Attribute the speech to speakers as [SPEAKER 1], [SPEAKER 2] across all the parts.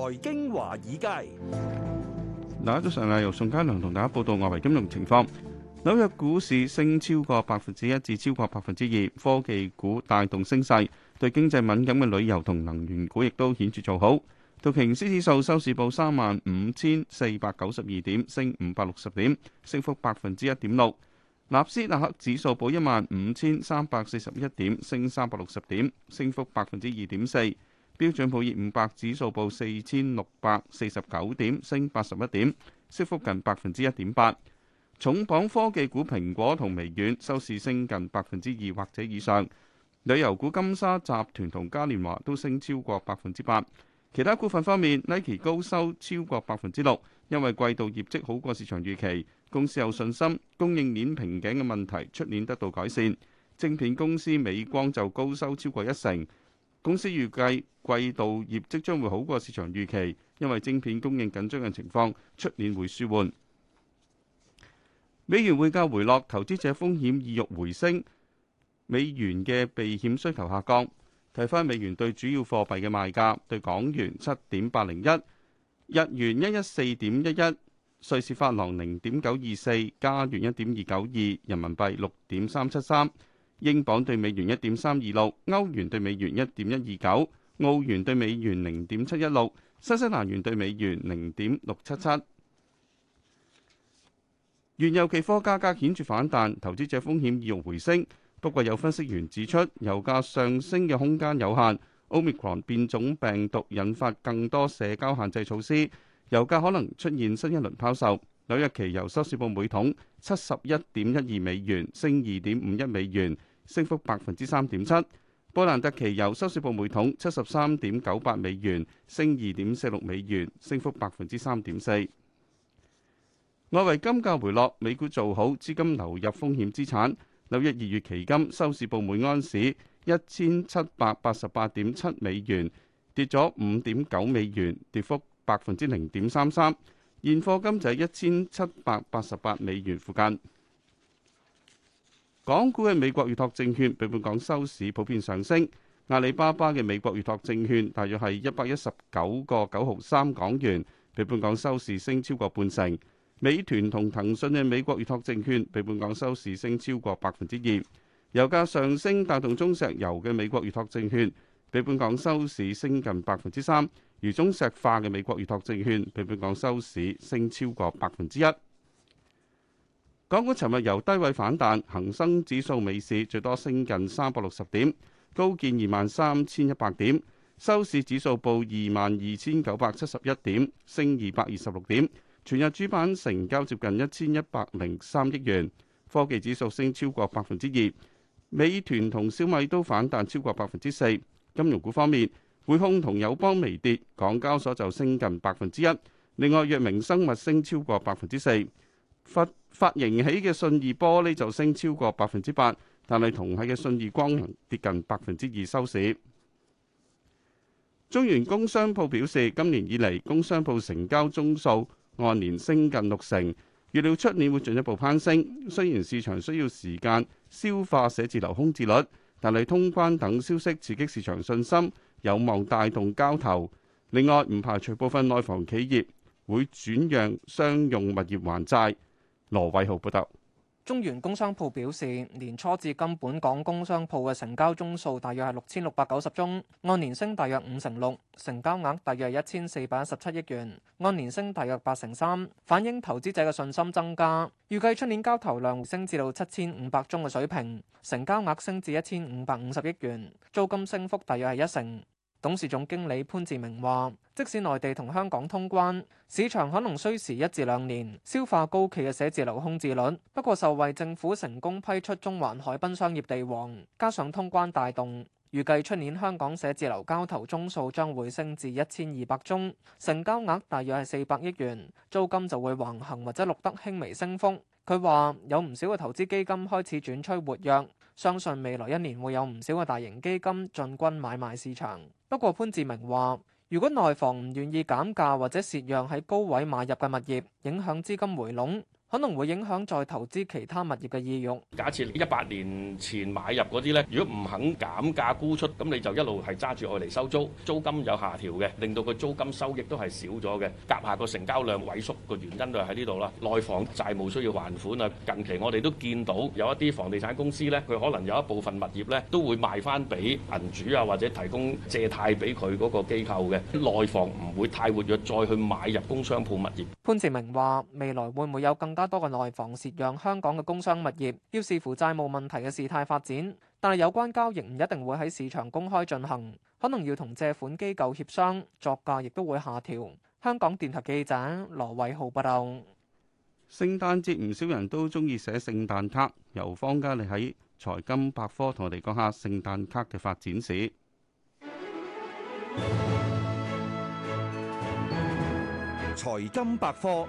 [SPEAKER 1] 財經華爾街，嗱，早上啊，由宋嘉良同大家報道外圍金融情況。紐約股市升超過百分之一至超過百分之二，科技股帶動升勢，對經濟敏感嘅旅遊同能源股亦都顯著做好。道瓊斯指數收市報三萬五千四百九十二點，升五百六十點，升幅百分之一點六。納斯達克指數報一萬五千三百四十一點，升三百六十點，升幅百分之二點四。標準普爾五百指數報四千六百四十九點，升八十一點，升幅近百分之一點八。重磅科技股蘋果同微軟收市升近百分之二或者以上。旅遊股金沙集團同嘉年華都升超過百分之八。其他股份方面，Nike 高收超過百分之六，因為季度業績好過市場預期，公司有信心供應鏈瓶頸嘅問題出年得到改善。晶片公司美光就高收超過一成。公司預計季度業績將會好過市場預期，因為晶片供應緊張嘅情況出年會舒緩。美元匯價回落，投資者風險意欲回升，美元嘅避險需求下降。睇翻美元對主要貨幣嘅賣價：對港元七點八零一，日元一一四點一一，瑞士法郎零點九二四，加元一點二九二，人民幣六點三七三。英鎊兌美元一點三二六，歐元兌美元一點一二九，澳元兌美元零點七一六，新西蘭元兌美元零點六七七。原油期貨價格顯著反彈，投資者風險意欲回升。不過有分析員指出，油價上升嘅空間有限。Omicron 變種病毒引發更多社交限制措施，油價可能出現新一輪拋售。紐約期油收市報每桶七十一點一二美元，升二點五一美元。升幅百分之三點七。布蘭特期油收市報每桶七十三點九八美元，升二點四六美元，升幅百分之三點四。外圍金價回落，美股做好，資金流入風險資產。紐約二月期金收市報每安士一千七百八十八點七美元，跌咗五點九美元，跌幅百分之零點三三。現貨金就喺一千七百八十八美元附近。港股嘅美國預託證券比本港收市普遍上升，阿里巴巴嘅美國預託證券大約係一百一十九個九毫三港元，比本港收市升超過半成。美團同騰訊嘅美國預託證券比本港收市升超過百分之二，油價上升帶動中石油嘅美國預託證券比本港收市升近百分之三，如中石化嘅美國預託證券比本港收市升超過百分之一。港股尋日由低位反彈，恒生指數尾市最多升近三百六十點，高見二萬三千一百點，收市指數報二萬二千九百七十一點，升二百二十六點。全日主板成交接近一千一百零三億元，科技指數升超過百分之二，美團同小米都反彈超過百分之四。金融股方面，匯控同友邦微跌，港交所就升近百分之一，另外藥明生物升超過百分之四。發發盈喜嘅信義玻璃就升超過百分之八，但係同系嘅信義光能跌近百分之二收市。中原工商鋪表示，今年以嚟工商鋪成交宗數按年升近六成，預料出年會進一步攀升。雖然市場需要時間消化寫字樓空置率，但係通關等消息刺激市場信心，有望帶動交投。另外，唔排除部分內房企業會轉讓商用物業還債。羅偉豪報道，
[SPEAKER 2] 中原工商鋪表示，年初至今本港工商鋪嘅成交宗數大約係六千六百九十宗，按年升大約五成六，成交額大約係一千四百一十七億元，按年升大約八成三，反映投資者嘅信心增加。預計出年交投量升至到七千五百宗嘅水平，成交額升至一千五百五十億元，租金升幅大約係一成。董事總經理潘志明話，即使內地同香港通關市場可能需時一至兩年消化高企嘅寫字樓空置率。不過受惠政府成功批出中環海濱商業地王，加上通關帶動，預計出年香港寫字樓交投宗數將會升至一千二百宗，成交額大約係四百億元，租金就會橫行或者錄得輕微升幅。佢話有唔少嘅投資基金開始轉趨活躍。相信未來一年會有唔少嘅大型基金進軍買賣市場。不過潘志明話：如果內房唔願意減價或者蝕讓喺高位買入嘅物業，影響資金回籠。可能會影響再投資其他物業嘅意欲。
[SPEAKER 1] 假設一百年前買入嗰啲咧，如果唔肯減價沽出，咁你就一路係揸住外嚟收租，租金有下調嘅，令到個租金收益都係少咗嘅。夾下個成交量萎縮個原因就喺呢度啦。內房債務需要還款啊，近期我哋都見到有一啲房地產公司咧，佢可能有一部分物業咧都會賣翻俾銀主啊，或者提供借貸俾佢嗰個機構嘅。內房唔會太活躍，再去買入工商鋪物業。
[SPEAKER 2] 潘志明話：未來會唔會有更加加多個內房涉讓香港嘅工商物業，要視乎債務問題嘅事態發展，但係有關交易唔一定會喺市場公開進行，可能要同借款機構協商，作價亦都會下調。香港電台記者羅偉浩報道。
[SPEAKER 1] 聖誕節唔少人都鍾意寫聖誕卡，由方家利喺財金百科同我哋講下聖誕卡嘅發展史。
[SPEAKER 3] 財金百科。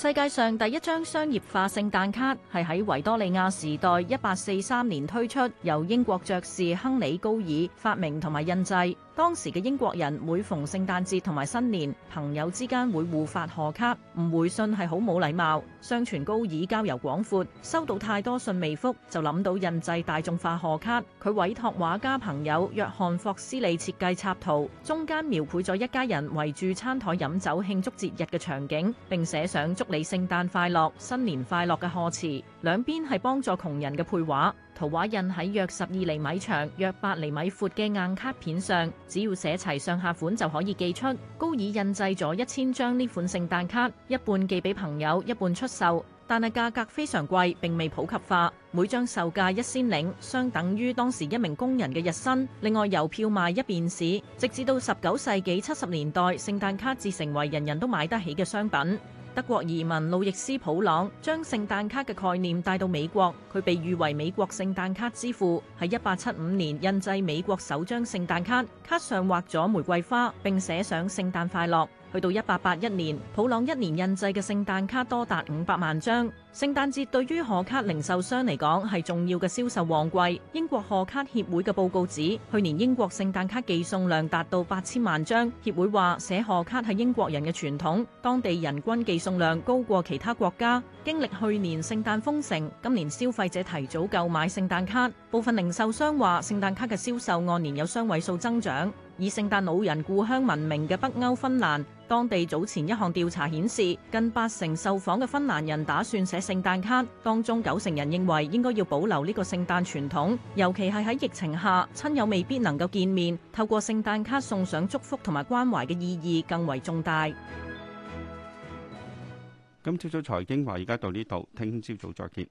[SPEAKER 3] 世界上第一張商業化聖誕卡係喺維多利亞時代，一八四三年推出，由英國爵士亨利·高爾發明同埋印製。當時嘅英國人每逢聖誕節同埋新年，朋友之間會互發賀卡，唔回信係好冇禮貌。相傳高爾交友廣闊，收到太多信未覆，就諗到印製大眾化賀卡。佢委託畫家朋友約翰霍斯利設計插圖，中間描繪咗一家人圍住餐台飲酒慶祝節日嘅場景，並寫上祝你聖誕快樂、新年快樂嘅賀詞。兩邊係幫助窮人嘅配畫，圖畫印喺約十二厘米長、約八厘米闊嘅硬卡片上，只要寫齊上下款就可以寄出。高爾印製咗一千張呢款聖誕卡，一半寄俾朋友，一半出售，但係價格非常貴，並未普及化。每張售價一先令，相等於當時一名工人嘅日薪。另外郵票賣一便士，直至到十九世紀七十年代，聖誕卡至成為人人都買得起嘅商品。德國移民，路易斯·普朗將聖誕卡嘅概念帶到美國，佢被譽為美國聖誕卡之父。喺一八七五年印製美國首張聖誕卡，卡上畫咗玫瑰花，並寫上聖誕快樂。去到一八八一年，普朗一年印製嘅聖誕卡多達五百萬張。聖誕節對於賀卡零售商嚟講係重要嘅銷售旺季。英國賀卡協會嘅報告指，去年英國聖誕卡寄送量達到八千萬張。協會話寫賀卡係英國人嘅傳統，當地人均寄送量高過其他國家。經歷去年聖誕封城，今年消費者提早購買聖誕卡，部分零售商話聖誕卡嘅銷售按年有雙位數增長。以聖誕老人故鄉聞名嘅北歐芬蘭，當地早前一項調查顯示，近八成受訪嘅芬蘭人打算寫聖誕卡，當中九成人認為應該要保留呢個聖誕傳統，尤其係喺疫情下，親友未必能夠見面，透過聖誕卡送上祝福同埋關懷嘅意義更為重大。
[SPEAKER 1] 今朝早財經話，而家到呢度，聽朝早再見。